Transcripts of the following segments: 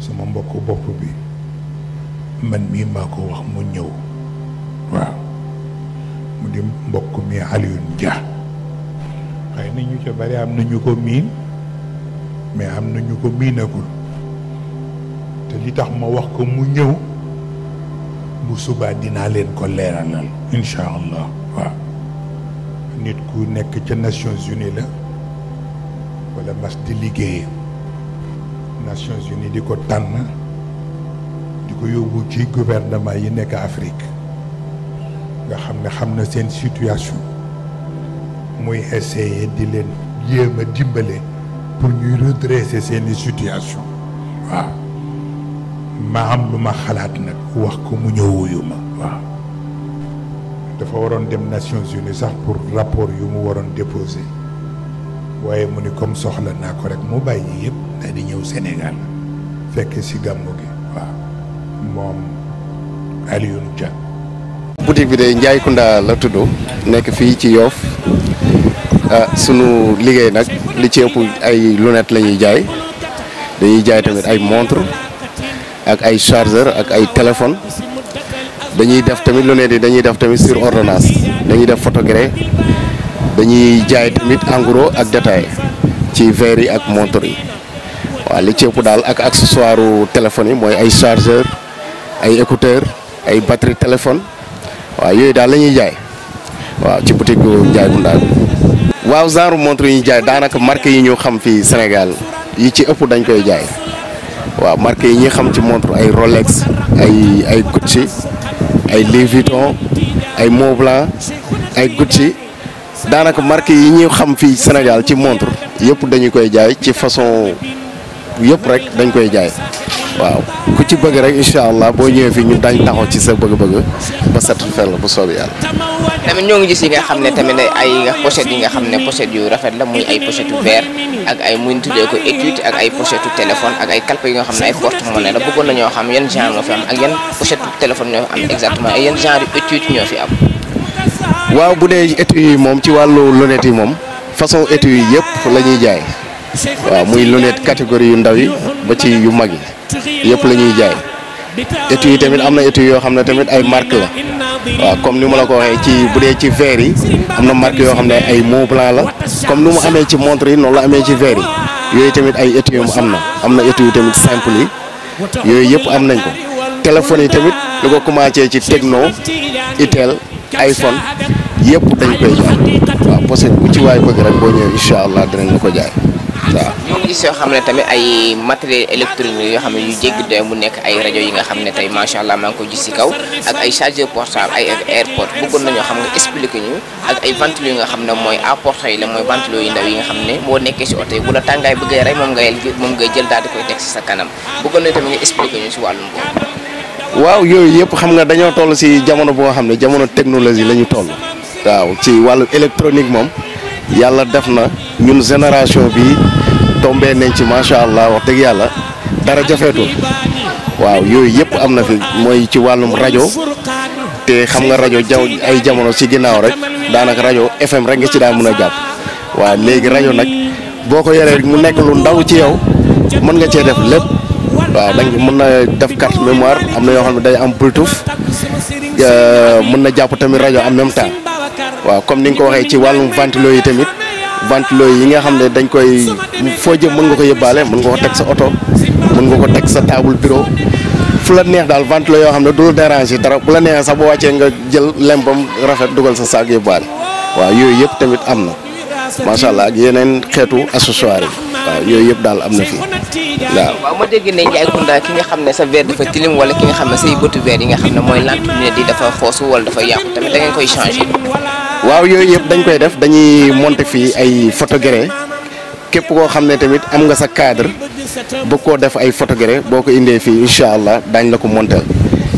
suma mbokk bopp bi man mii maa ko wax mu ñëw waaw mu di mbokk mi Alioune Dia waaye na ñu ca bari am na ñu ko miin mais am na ñu ko miinagul te li tax ma wax ko mu ñëw bu subaa dinaa leen ko leeralal incha allah waaw nit ku nekk ca Nations Unies la wala mas di liggéey Nations Unies du temps. tànn il gouvernement yi Afrique nga situation Je essayer di dire de pour nous redresser cette situation ma am ma ma dafa dem Nations Unies sax pour rapport yu mu un déposer mu comme ça, dañu ñëw Sénégal fekk si gàmmu gi waaw moom Alioune bi de Ndiaye Kounda la tudd nekk fii ci yoof ah, sunu liggéey nag li ci ëpp ay lunettes lañuy jaay dañuy jaay tamit ay montre ak ay chargeur ak ay téléphone dañuy def tamit lunettes yi dañuy def tamit sur ordonnance dañuy def photogré dañuy jaay tamit en ak détail ci verre yi ak montre yi. waaw li ci ëpp daal ak accessoire téléphone yi mooy ay chargeur ay écouteur ay batterie téléphone waa yooyu daal la jaay waaw ci boutique Ndiaye bu waaw genre montre yi ñuy jaay daanaka marque yi ñu xam fii Sénégal yi ci ëpp dañ koy jaay waaw marque yi ñuy xam ci montre ay Rolex ay ay Gucci ay Louis Vuitton ay Montblanc ay Gucci daanaka marque yi ñuy xam fii Sénégal ci montre yëpp dañu koy jaay ci façon yëpp rek dañ koy jaay waaw ku ci bëgg rek incha allah boo ñëwee fii ñu dañ taxaw ci sa bëgg-bëgg ba satisfaire la bu soobee yàlla. tamit ñoo ngi gis yi nga xam ne tamit ay pochette yi nga xam ne pochette yu rafet la muy ay pochette yu verre ak ay muy ñu tuddee ko étui ak ay pochette yu ak ay calpe yi nga xam ne ay porte-monnaie la bëggoon na ñoo xam yan genre ñoo fi am ak yan pochette téléphone ñoo fi am exactement ak yan genre étui ñoo fi am. waaw bu dee étui yi moom ci wàllu lunette yi moom façon étui yi yëpp la ñuy jaay. waaw muy lunette catégorie yu ndaw yi ba ci yu mag yi yëpp la ñuy jaay étui yi tamit am na étui yoo xam ne tamit ay marque la waaw comme ni ma la ko waxee ci bu dee ci verre yi am na marque yoo xam ne ay Mont Blanc la comme nu mu amee ci montre yi noonu la amee ci verre yi yooyu tamit ay étui mu am na am na étui yi tamit simple yi yooyu yëpp am nañ ko téléphone yi tamit lu ko commencé ci techno Itel iPhone yëpp dañ koy jaay waaw que bu ci waay bëgg rek boo ñëwee incha allah dinañ ko jaay. waaw ñu yoo xam ne tamit ay matériel électronique yoo xam ne yu jéggi mu nekk ay rajo yi nga xam ne tey macha allah maa ngi ko gis si kaw ak ay chargeur portable ay airport bëggoon nañoo xam nga expliqué ak ay ventilo yi nga xam ne mooy apporte yi la mooy ventilo yu ndaw yi nga xam ne boo nekkee si oto yi bu la tàngaay bëggee rek moom ngay moom ngay jël daal di koy teg si sa kanam bëggoon nañ tamit nga si wàllum waaw yooyu yëpp xam nga dañoo toll si jamono boo xam ne jamono technologie la ñu toll. waaw ci wàllu électronique moom yàlla def na ñun génération bi tombé nañ ci macha allah wax dëgg yàlla dara jafeetul waaw yooyu yëpp am na fi mooy ci wàllum rajo te xam nga rajo jaw ay jamono ci ginnaaw rek daanaka rajo FM rek nga ci daal mën a jàpp waaw léegi rajo nag boo ko yoree mu nekk lu ndaw ci yow mën nga cee def lépp waaw dañ mën na def carte mémoire am na yoo xam ne day am bluetooth euh, mën na jàpp tamit rajo am même temps. waaw comme ni nga ko waxee ci wàllum ventilo yi tamit ventilo yi nga xam ne dañ koy foo jëm mën nga ko yëbbaale mën nga ko teg sa oto mën nga ko teg sa taabul bureau fu la neex daal ventilo yoo xam ne du la déranger dara bu la neexee sax boo wàccee nga jël lembam rafet dugal sa saag yëbbaale waa yooyu yëpp tamit am na macha allah ak yeneen xeetu accessoire yi waaw yooyu yëpp daal am na fi waaw. waaw ma dégg ne Ndiaye Kounda ki nga xam ne sa verre daf tilim wala ki nga xam ne say bëtu yi nga xam ne mooy lanterne di dafa xoosu dafa yàqu tamit da koy changé. waaw yooyu yëpp dañ koy def dañuy monter fii ay photogré képp koo xam ne tamit am nga sa cadre bëgg koo def ay photogré boo ko indee fii incha allah daañ la ko monter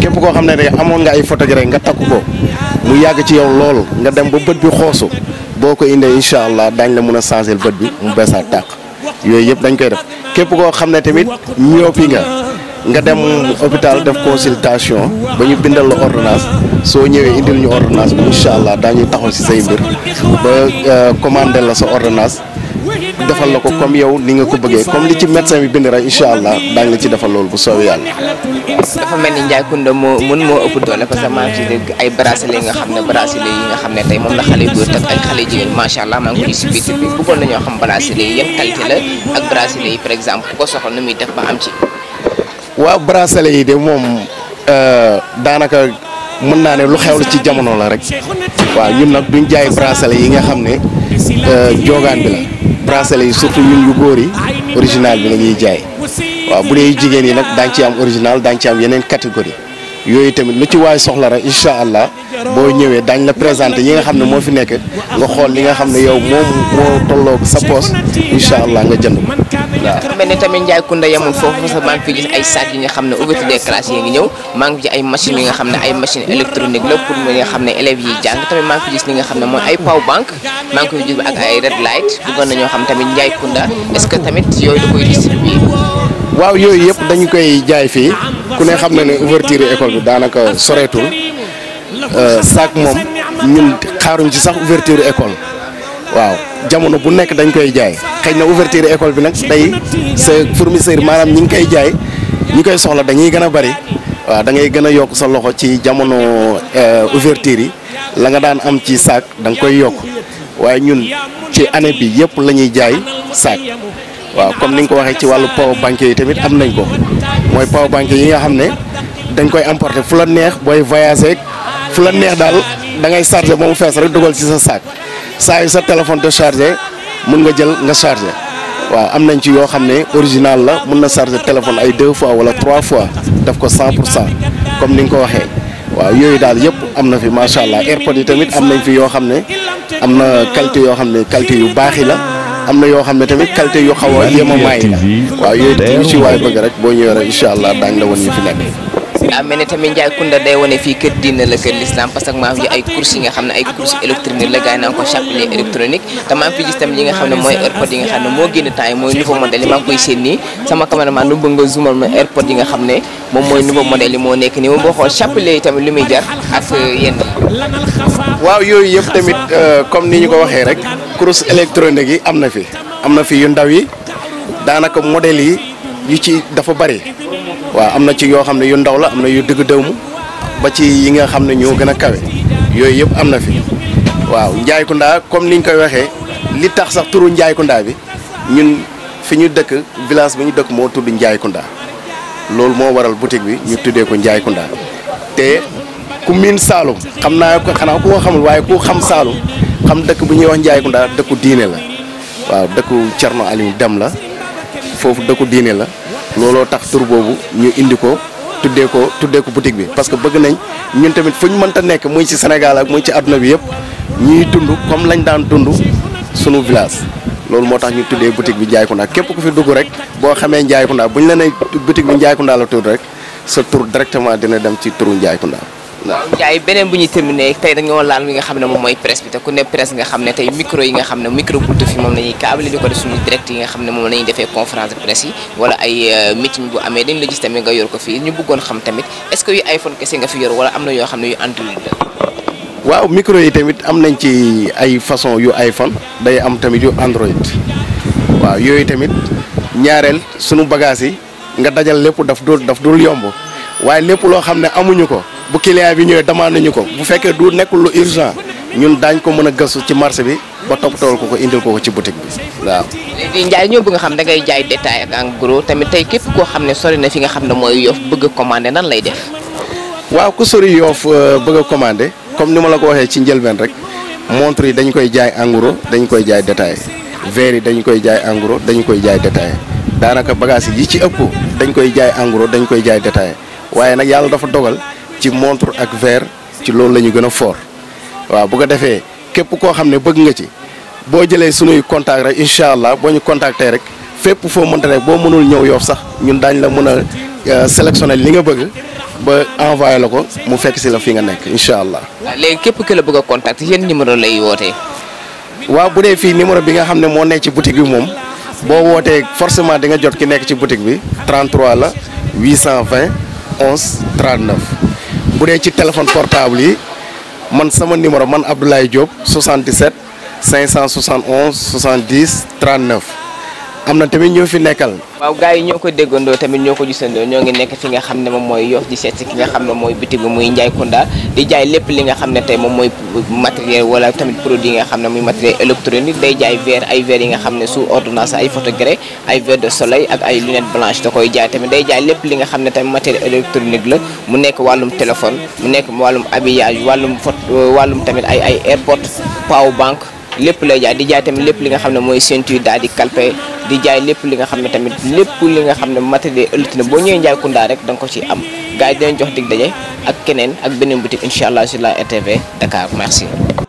képp koo xam ne rek amoon nga ay photogré nga takk ko mu yàgg ci yow lool nga dem ba bët bi xoosu boo ko indee incha allah daañ la mën a changer bët bi mu beesaat tàq yooyu yëpp dañ koy def képp koo xam ne tamit ñoppi nga. nga dem hôpital def consultation ba ñu bindal la ordonnance soo ñëwee indil ñu ordonnance bi incha allah daañuy taxaw si say biir ba euh, commandé la sa ordonnance defal la ko comme yow ni nga ko bëggee comme li ci médecin bi bind rek incha allah daañu la ci defal loolu bu soobee yàlla. dafa mel ni Ndiaye Kounda moo mun moo ëpp doole parce que maa ngi ci dégg ay bracelet nga xam ne bracelet yi nga xam ne tey moom la xale góor tak ay xale jigéen macha allah maa xam bracelet yi yan qualité la exemple ku ko soxla nu waaw bracelet yi de moom euh, daanaka mën naa ne lu xew la ci jamono la rek waaw ñun nag duñ jaay bracelet yi nga xam ne euh, jogaan bi la bracelet yi surtout yu góor yi original bi la ñuy jaay waaw bu dee jigéen yi nag daañ ci am original daañ ci am yeneen catégorie yooyu tamit lu ci waay soxla rek incha allah boo ñëwee daañ la présenté yi nga xam ne moo fi nekk nga xool li nga xam ne yow moom moo tolloog sa poos incha allah nga jënd ko waaw mel ni tamit Ndiaye Kounda yemul foofu parce que maa ngi fi gis ay sac yi nga xam ne ouverture des classes yi ngi ñëw maa ngi fi ay machines yi nga xam ne ay machines électroniques la pour nga xam ne élèves yi jàng tamit maa ngi fi gis li nga xam ne mooy ay power bank maa ngi koy gis ak ay red light bëggoon ñoo xam tamit Ndiaye Kounda est que tamit yooyu da koy distribuer waaw yooyu yëpp dañu koy jaay fii ku ne xam na ne ouverture école bi daanaka soreetul euh, sac moom ñun xaaruñ ci sax ouverture école waaw jamono bu nekk dañ koy jaay xëy na ouverture école bi nag day sa fournisseur maanaam ñi ngi koy jaay ñi koy soxla dañuy gën a bari waaw da ngay gën a yokk sa loxo ci jamono euh, ouverture yi la nga daan am ci saak da nga koy yokk waaye ñun ci année bi yëpp la ñuy jaay saak waaw comme ni nga ko waxee ci wàllu power bank yi tamit am nañ ko mooy power bank yi nga xam ne dañ koy importer fu la neex booy voyager fu la neex daal da ngay charger ba mu fees rek dugal ci sa saak. saa yu sa téléphone de chargé mun nga jël nga chargé waaw am nañ ci yoo xam ne original la mun na chargé téléphone ay deux fois wala trois fois def ko cent pour cent comme ni nga ko waxee waaw yooyu daal yëpp am na fi macha allah airpod yi tamit am nañ fi yoo xam ne am na qualité yoo xam ne qualité yu baax yi la am na yoo xam ne tamit qualité yu xaw a yemamaay la waaw yooyu tamit ci waay bëgg rek boo ñëwee rek incha allah daañu la woon ñu fi nekk. daa mel ne tamit Ndiaye Kounda day wane fii kër diine la kër l'islam parce que maa ngi ay courses yi nga xam ne ay courses électronique la gars yi naan ko chapelet électronique te maa yi nga xam ne mooy yi moom mooy nouveau modèle yi moo nekk nii moom boo xool chapelet yi euh, euh, ni ñu ko waxee rek courses électroniques yi am na fi am na fi yu ndaw yi daanaka modèles yi yu ci dafa bari waaw am na ci yoo xam ne yu ndaw la am na yu digg dëwmu ba ci yi nga xam ne ñoo gën a kawe yooyu yëpp am na fi waaw Ndiaye Kounda comme niñ koy waxee li tax sax turu Ndiaye Kounda bi ñun fi ñu dëkk village bi ñu dëkk moo tudd Ndiaye Kounda loolu moo waral boutique bi ñu tuddee ko Ndiaye Kounda te ku miin Saalum xam naa ko xanaa ku ko xamul waaye ku xam Saalum xam dëkk bu ñuy wax Ndiaye Kounda dëkku diine la waaw dëkku Thierno Aliou Deme la foofu dëkku diine la. looloo tax tur boobu ñu indi ko tuddee ko tuddee ko boutique bi parce que bëgg nañ ñun tamit fu ñu mënta nekk muy ci Sénégal ak muy ci àdduna bi yëpp ñuy dund comme lañ daan dund sunu village loolu moo tax ñu tuddee boutique bi Ndiayekounda képp ku fi dugg rek boo xamee Ndiayekounda bu ñu la nee boutique bi Ndiayekounda la tudd rek sa tur directement dina dem ci turu Ndiayekounda Ndiaye beneen bu ñuy terminé tey dañoo laal li nga xam ne moom mooy presse bi te ku ne presse nga xam ne tey micro yi nga xam ne micro buntu fi moom la ñuy câble di ko def suñu direct yi nga xam ne moom la conférence presse yi wala ay euh, meeting bu amee dañ la gis tamit nga yor ko fii ñu bëggoon xam tamit est ce que yu iPhone kese nga fi yor wala am na yoo xam ne yu Android la. waaw micro yi tamit am nañ ci ay façon yu iPhone day am tamit yu Android waaw yooyu tamit ñaareel sunu bagage yi nga dajal lépp daf dul daf dul yomb waaye lépp loo xam amuñu ko. bu client bi ñëwee demande nañu ko bu fekkee du nekkul lu urgent ñun daañ ko mën a gëstu ci marché bi ba toppatoo ko ko indil ko ko ci boutique bi waaw. léegi njaay ñoo bëgg nga xam da ngay jaay détail ak en gros képp koo xam ne sori na fi nga xam ne mooy bëgg commandé nan lay def. waaw ku sori Yoff euh, bëgg commandé comme ni ma la ko waxee ci njëlbeen rek montre yi dañ koy jaay en dañ koy jaay détail verre yi koy jaay en gros koy jaay détail daanaka bagage yi ci ëpp dañ koy jaay en dañ koy jaay détail waaye nag yàlla dafa dogal. ci montre ak verre ci loolu la ñu gën a fort waaw bu ko defee képp koo xam ne bëgg nga ci boo jëlee suñuy contact rek incha allah boo ñu contacter rek fépp foo mënta rek boo mënul ñëw yoof sax ñun daañ la mën a euh, sélectionner li nga bëgg ba envoyé la ko mu fekk si la fi nga nekk incha allah. waaw léegi képp ki la bëgg a contact yéen numéro lay wootee. waaw bu dee fii numéro bi nga xam ne moo nekk ci boutique bi moom boo wootee forcement di nga jot ki nekk ci boutique bi 33 la 820 11 39. bu dee ci téléphone portable yi man sama numéro man Abdoulaye Diop 77 571 70 39. am na tamit ñu fi nekkal. waaw gars yi ñoo ko déggandoo tamit ñoo ko gisandoo ñoo ngi nekk fi nga xam ne moom mooy Yoff di seet si ki nga xam ne mooy bitigu muy Ndiaye Kounda di jaay lépp li nga xam ne tey moom mooy matériel wala tamit produit yi nga xam ne muy matériel électronique day jaay verre ay verre yi nga xam ne sous ordonnance ay photogré ay verre de soleil ak ay lunette blanche da koy jaay tamit day jaay lépp li nga xam ne tamit matériel électronique la mu nekk wàllum téléphone mu nekk wàllum habillage wàllum photo wàllum tamit ay ay airport power lépp lay jaay di jaay tamit lépp li nga xam ne mooy ceinture daal di calpe di jaay lépp li nga xam ne tamit lépp li nga xam ne matériel ëllëg na boo ñëwee Ndiaye Kounda rek danga ko ci am gars yi dinañ jox dig daje ak keneen ak beneen boutique incha allah si la RTV Dakar merci.